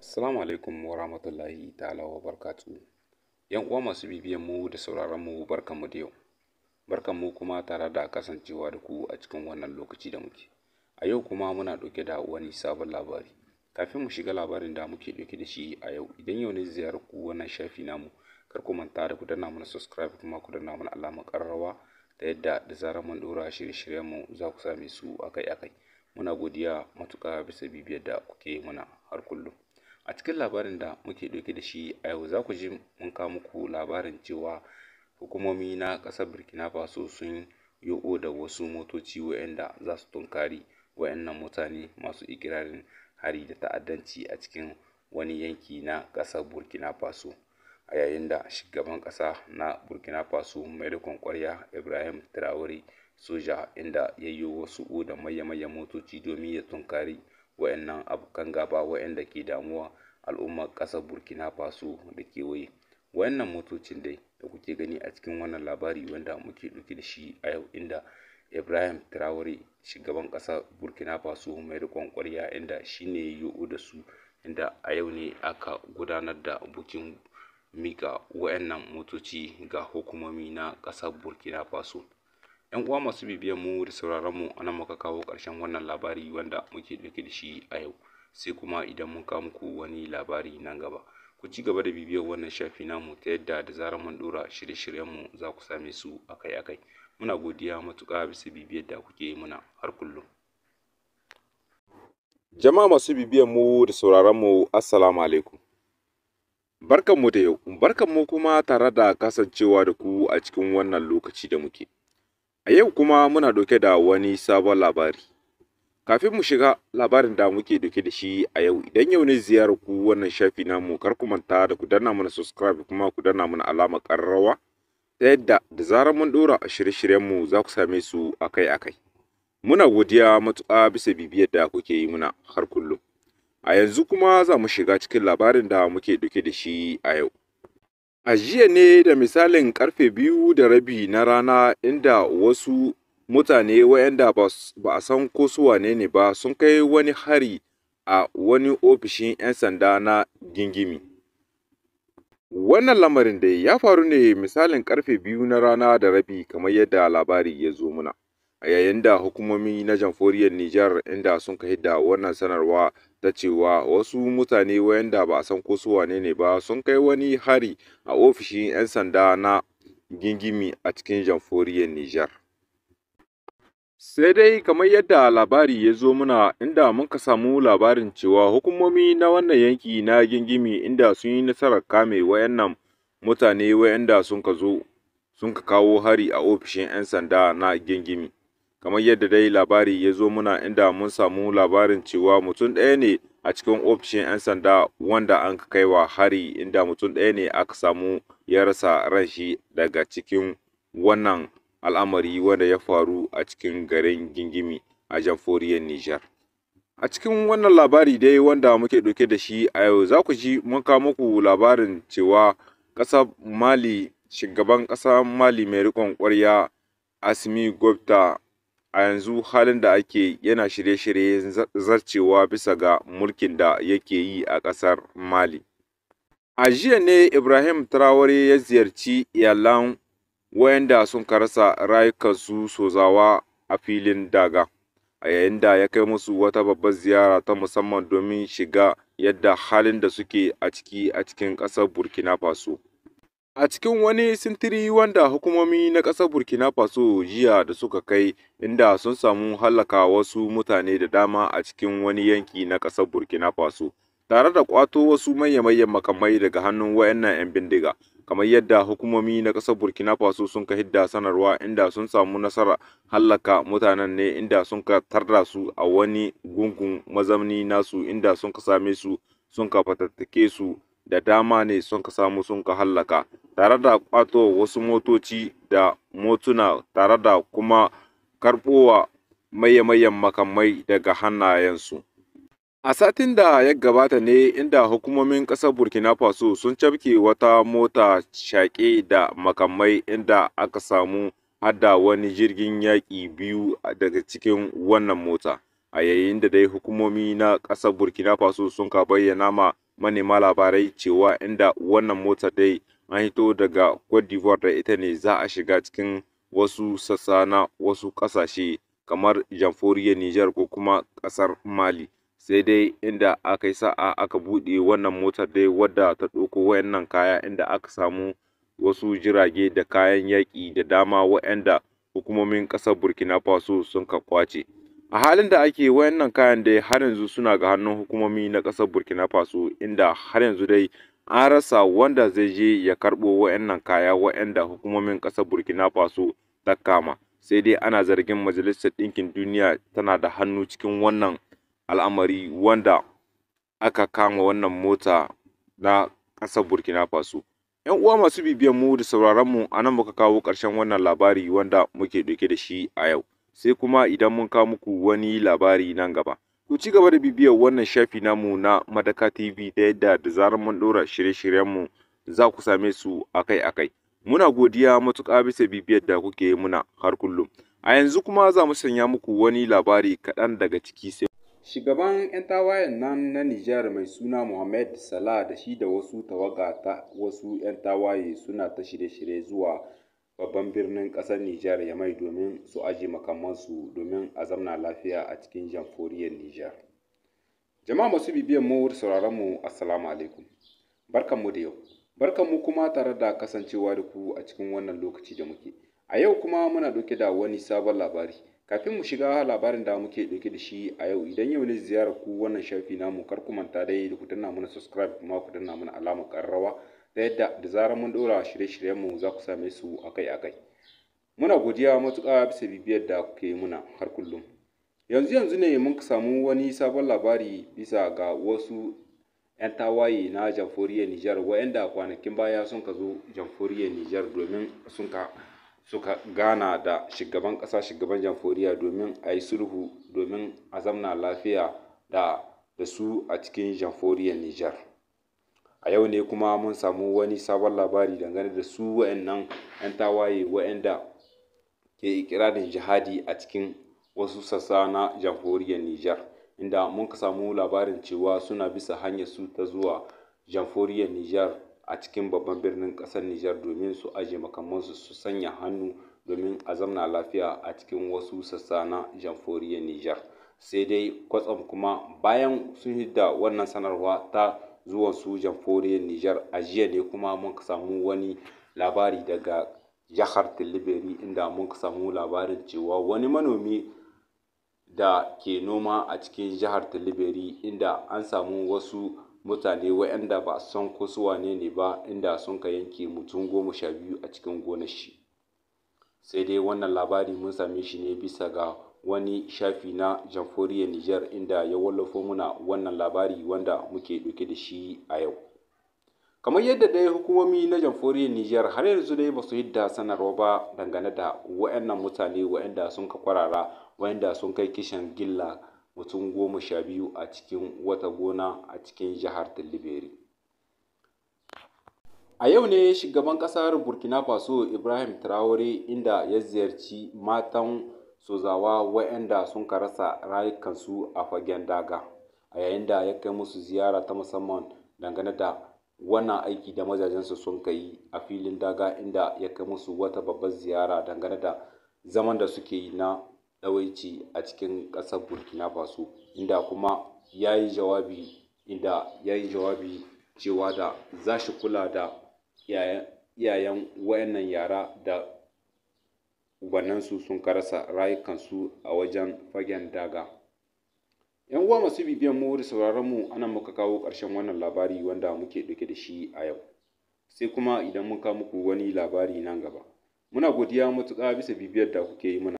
Assalamu alaikum wa rahmatullahi ta'ala wa barkatu. Yan uwa masu bibiyan mu da sauraron mu mu da yau. barkan mu kuma tare da kasancewa da ku a cikin wannan lokaci da muke. A yau kuma muna ɗauke da wani sabon labari. Kafin mu shiga labarin da muke ɗauke da shi a yau, idan yau ne ziyarar ku wannan shafi namu, kar ku manta da ku danna mana subscribe kuma ku danna mana alamar ƙararrawa ta yadda da zarar mun ɗora shirye-shiryen mu za ku same su akai-akai. Muna godiya matuƙa bisa bibiyar da kuke mana har kullum. A cikin labarin da muke ɗauke da shi a yau za ku ji mun kawo muku labarin cewa hukumomi na ƙasar Burkina Faso sun yi da wasu motoci waɗanda za su tunkari waɗannan mutane masu ikirarin hari da ta'addanci a cikin wani yanki na ƙasar Burkina Faso. A yayin da shugaban ƙasa na Burkina Faso mai riƙon ƙwarya Ibrahim Traore soja inda ya yi wasu da manya-manyan motoci domin ya tunkari wa'annan abokan gaba wayanda ke damuwa al'ummar ƙasar burkina faso da kewaye wa'annan motocin dai da kuke gani a cikin wannan labari wanda muke ɗauke da shi a yau inda ibrahim traore shugaban ƙasar burkina faso mai riƙon ƙwarya inda shi ne ya da su inda a yau ne aka gudanar da bukin mika wayannan motoci ga hukumomi na ƙasar burkina faso 'yan uwa masu bibiyan mu da sauraron mu anan muka kawo ƙarshen wannan labari wanda muke ɗauke da shi a yau sai kuma idan mun kawo muku wani labari nan gaba ku ci gaba da bibiyar wannan shafi namu ta yadda da zarar mun ɗora shirye-shiryen mu za ku same su akai-akai muna godiya matuƙa bisa bibiyar da kuke muna har kullum jama'a masu bibiyan mu da sauraron mu assalamu alaikum barkanmu da yau barkanmu kuma tare da kasancewa da ku a cikin wannan lokaci da muke A yau kuma muna ɗauke da wani sabon labari. Kafin mu shiga labarin da muke ɗauke da shi a yau, idan yau ne ziyarar ku wannan shafi namu kar ku manta da ku danna mana subscribe kuma ku danna mana alama ƙararrawa ta yadda da zarar mun ɗora a shirye-shiryenmu za ku same su akai-akai. Muna godiya matuƙa bisa bibiyar da kuke yi muna har kullum. A yanzu kuma za mu shiga cikin labarin da muke ɗauke da shi a yau. A jiya ne da misalin karfe biyu da rabi na rana inda wasu mutane waɗanda ba a san ko su wane ne ba sun kai wani hari a wani ofishin 'yan sanda na Gingimi. Wannan lamarin da ya faru ne misalin karfe biyu na rana da rabi kamar yadda labari ya zo muna. a yayin da hukumomi na jamhuriyar Nijar inda sun ka hidda wannan sanarwa ta cewa wasu mutane wayanda ba a san ko su wane ne ba sun kai wani hari a ofishin 'yan sanda na gingimi a cikin jamhuriyar Nijar. Sai dai kamar yadda labari ya zo muna inda muka samu labarin cewa hukumomi na wannan yanki na gingimi inda sun yi nasarar kame wayannan mutane wayanda sun ka zo sun ka kawo hari a ofishin 'yan sanda na gingimi. kamar yadda dai labari ya zo muna inda mun samu labarin cewa mutum ɗaya ne a cikin ofishin 'yan sanda wanda an kai wa hari inda mutum ɗaya ne aka samu ya rasa ran shi daga cikin wannan al'amari wanda ya faru a cikin garin gingimi a jamforiyar Nijar. A cikin wannan labari dai wanda muke ɗauke da shi a yau za ku ji mun kawo muku labarin cewa ƙasar Mali shugaban ƙasar Mali mai riƙon ƙwarya Asimi Gopta a yanzu halin da ake yana shirye shirye zarcewa bisa ga mulkin da yake yi a ƙasar Mali. A jiya ne Ibrahim Traore ya ziyarci iyalan wayanda sun karasa rayukansu sozawa a filin daga, a yayin da ya kai musu wata babbar ziyara ta musamman domin shiga yadda halin da suke a ciki a cikin ƙasar Burkina Faso. a cikin wani sintiri wanda hukumomi na ƙasar Burkina Faso jiya da suka kai inda sun samu hallaka wasu mutane da dama a cikin wani yanki na ƙasar Burkina Faso tare da ƙwato wasu manya-manyan makamai daga hannun wayannan 'yan bindiga kamar yadda hukumomi na ƙasar Burkina Faso sun ka hidda sanarwa inda sun samu nasara hallaka mutanen ne inda sun ka tarda su a wani gungun mazamni nasu inda sun ka same su sun ka fatattake su da dama ne sun ka samu sun ka hallaka tare da kwato wasu motoci da motuna tare da kuma karɓowa maye-mayen makamai daga hannayensu. A satin da ya gabata ne inda hukumomin ƙasar Burkina Faso sun cafke wata mota shaƙe da makamai inda aka samu hada wani jirgin yaƙi biyu daga cikin wannan mota. A yayin da dai hukumomi na ƙasar Burkina Faso sun ka bayyana ma manema labarai cewa inda wannan mota dai an hito daga Côte d'Ivoire da ita ne za a shiga cikin wasu sassa na wasu ƙasashe kamar jamhuriyar Nijar ko kuma ƙasar Mali. Sai dai inda aka yi sa'a aka buɗe wannan mota dai wadda ta ɗauko wayannan kaya inda aka samu wasu jirage da kayan yaƙi da dama waɗanda hukumomin ƙasar Burkina Faso sun kwace. A halin da ake wayannan kayan dai har yanzu suna ga hannun hukumomi na ƙasar Burkina Faso inda har yanzu dai an rasa wanda zai je ya karbo wayannan kaya wayanda hukumomin ƙasar Burkina Faso ta kama. Sai dai ana zargin Majalisar Ɗinkin Duniya tana da hannu cikin wannan al'amari wanda aka kama wannan mota na ƙasar Burkina Faso. ‘Yan uwa masu bibiyan mu da sauraron mu anan muka kawo ƙarshen wannan labari wanda muke ɗauke da shi a yau. sai kuma idan mun kawo muku wani labari nan gaba. Ku ci gaba da bibiyar wannan shafi namu na Madaka TV ta yadda da zarar mun ɗora shirye-shiryenmu za ku same su akai-akai. Muna godiya matuƙa bisa bibiyar da kuke muna har kullum. A yanzu kuma za mu sanya muku wani labari kaɗan daga ciki sai. Shugaban 'yan tawayen nan na Nijar mai suna Muhammad Salah da shi da wasu tawaga ta wasu 'yan tawaye suna ta shirye-shirye zuwa babban birnin ƙasar Nijar ya mai domin su aje makamansu domin a zamna lafiya a cikin jamhuriyar Nijar. Jama'a masu bibiyan mu da sauraron mu assalamu alaikum. mu da yau. barkan mu kuma tare da kasancewa da ku a cikin wannan lokaci da muke. A yau kuma muna doke da wani sabon labari. Kafin mu shiga labarin da muke dauke da shi a yau idan yau ne ziyarar ku wannan shafi namu kar ku manta dai da ku danna mana subscribe kuma ku danna mana alamar ƙararrawa ta yadda da zarar mun ɗora shirye-shiryenmu za ku same su akai-akai. Muna godiya matuƙa bisa bibiyar da kuke muna har kullum. Yanzu yanzu ne mun samu wani sabon labari bisa ga wasu 'yan tawaye na jamhuriyar Nijar waɗanda kwanakin baya sun ka zo jamhuriyar Nijar domin sun ka suka gana da shugaban ƙasa shugaban jamhuriya domin a yi sulhu domin a zamna lafiya da da su a cikin jamhuriyar Nijar. a yau ne kuma mun samu wani sabon labari dangane da su wa'annan 'yan tawaye wa'anda ke ikirarin jihadi a cikin wasu sassa na jamhuriyar Nijar inda mun samu labarin cewa suna bisa hanyar su ta zuwa jamhuriyar Nijar a cikin babban birnin ƙasar Nijar domin su aje makamansu su sanya hannu domin a zamna lafiya a cikin wasu sassa na jamhuriyar Nijar sai dai kwatsam kuma bayan sun hidda wannan sanarwa ta zuwan su jamforiyar Nijar a jiya ne kuma mun samu wani labari daga jihar Tilibiri inda mun samu labarin cewa wani manomi da ke noma a cikin jihar Tilibiri inda an samu wasu mutane waɗanda ba son san ne ne ba inda sun ka yanke mutum goma sha biyu a cikin gonar shi sai dai wannan labari mun same shi ne bisa ga wani shafi na Jamhuriyar Nijar inda ya wallafo muna wannan labari wanda muke ɗauke da shi a yau. Kamar yadda dai hukumomi na Jamhuriyar Nijar har yanzu dai ba su da sanarwa ba dangane da waɗannan mutane waɗanda sun ka kwarara waanda sun kai kishin gilla mutum goma sha biyu a cikin wata gona a cikin jihar Tilibiri. A yau ne shugaban ƙasar Burkina Faso Ibrahim Traore inda ya ziyarci matan sozawa waɗanda sun rasa rayukansu a fagen daga a yayin da ya kai musu ziyara ta musamman dangane da wannan aiki da mazajensu sun yi a filin daga inda ya kai musu wata babbar ziyara dangane da zaman da suke yi na ɗawaici a cikin ƙasar burkina faso inda kuma ya yi jawabi inda ya yi jawabi cewa da za shi kula da iyayen wayannan yara da ubannansu sun karasa rayukansu a wajen fagen daga yan uwa masu bibiyan mu da sauraron mu ana muka kawo ƙarshen wannan labari wanda muke ɗauke da shi a yau sai kuma idan mun kawo muku wani labari nan gaba muna godiya matuƙa bisa bibiyar da kuke yi muna.